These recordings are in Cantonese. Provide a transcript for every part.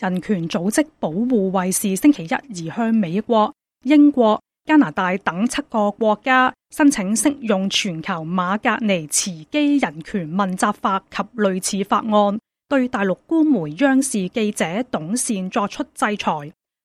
人權組織保護衛士星期一而向美國、英國、加拿大等七個國家申請適用全球馬格尼茨基人權問責法及類似法案，對大陸官媒央視記者董倩作出制裁。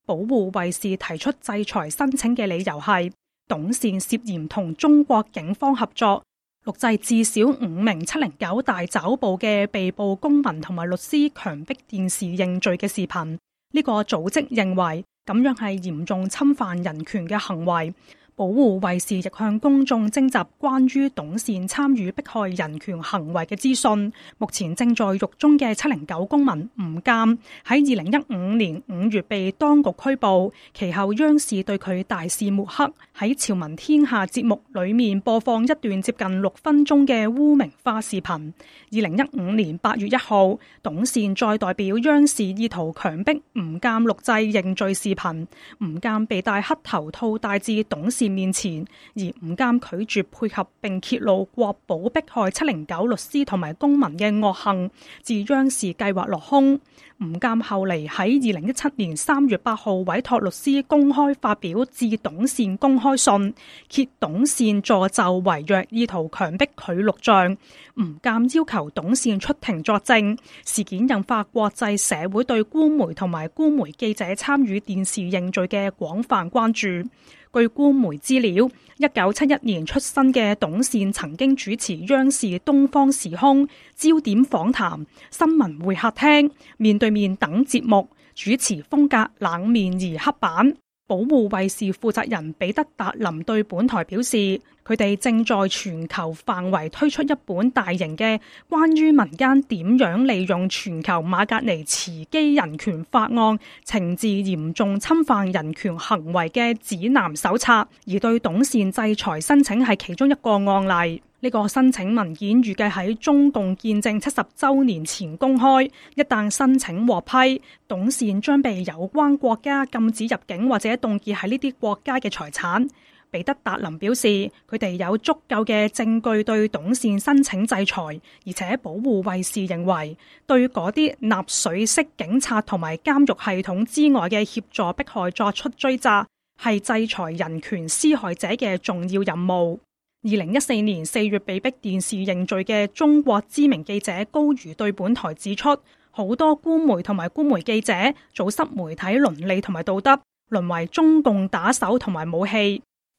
保護衛士提出制裁申請嘅理由係董倩涉嫌同中國警方合作，錄製至少五名七零九大抓捕嘅被捕公民同埋律師強迫電視認罪嘅視頻，呢、呢個組織認為咁樣係嚴重侵犯人權嘅行為。保護衛士亦向公眾徵集關於董倩參與迫害人權行為嘅資訊。目前正在獄中嘅七零九公民吳鑒喺二零一五年五月被當局拘捕，其後央視對佢大肆抹黑，喺《朝聞天下》節目裏面播放一段接近六分鐘嘅污名化視頻。二零一五年八月一號，董倩再代表央視意圖強迫吳鑒錄製認罪視頻，吳鑒被戴黑頭套帶至董倩，面前，而吳監拒絕配合，並揭露國保迫害七零九律師同埋公民嘅惡行，致央視計劃落空。吳監後嚟喺二零一七年三月八號委託律師公開發表致董倩公開信，揭董倩助紂為虐，意圖強迫佢錄像。吳監要求董倩出庭作證，事件引發國際社會對官媒同埋官媒記者參與電視認罪嘅廣泛關注。據官媒資料，一九七一年出生嘅董倩曾經主持央視《東方時空》、《焦點訪談》、《新聞會客廳》、《面對面》等節目，主持風格冷面而刻板。保護衛士負責人彼得達林對本台表示，佢哋正在全球範圍推出一本大型嘅關於民間點樣利用全球馬格尼茨基人權法案懲治嚴重侵犯人權行為嘅指南手冊，而對董倩制裁申請係其中一個案例。呢、這個申請文件預計喺中共建政七十周年前公開。一旦申請獲批，董倩將被有關國家禁止入境或者凍結喺呢啲國家嘅財產。彼得達林表示，佢哋有足夠嘅證據對董倩申請制裁，而且保護衛士認為對嗰啲納粹式警察同埋監獄系統之外嘅協助迫害作出追責，係制裁人權施害者嘅重要任務。二零一四年四月被逼電視認罪嘅中國知名記者高瑜對本台指出，好多官媒同埋官媒記者，阻塞媒體倫理同埋道德，淪為中共打手同埋武器。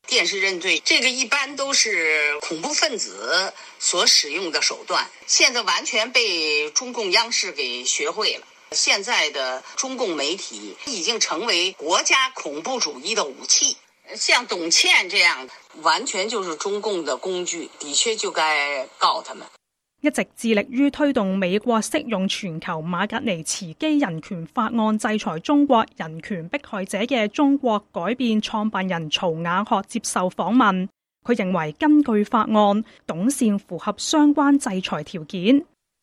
電視認罪，這個一般都是恐怖分子所使用的手段，現在完全被中共央視給學會了。現在的中共媒體已經成為國家恐怖主義的武器。像董倩這樣，完全就是中共的工具，的確就該告他們。一直致力於推動美國適用全球馬格尼茨基人權法案制裁中國人權迫害者嘅中國改變創辦人曹雅學接受訪問，佢認為根據法案，董倩符合相關制裁條件。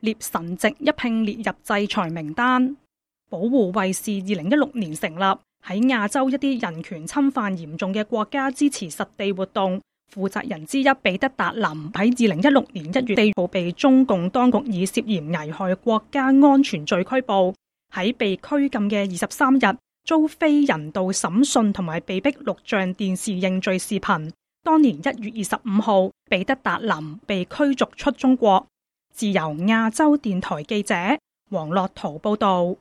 列神籍一併列入制裁名單。保護衛士二零一六年成立，喺亞洲一啲人權侵犯嚴重嘅國家支持實地活動。負責人之一彼得達林喺二零一六年一月被捕，被中共當局以涉嫌危害國家安全罪拘捕。喺被拘禁嘅二十三日，遭非人道審訊同埋被逼錄像電視認罪視頻。當年一月二十五號，彼得達林被驅逐出中國。自由亞洲電台記者黃樂圖報道。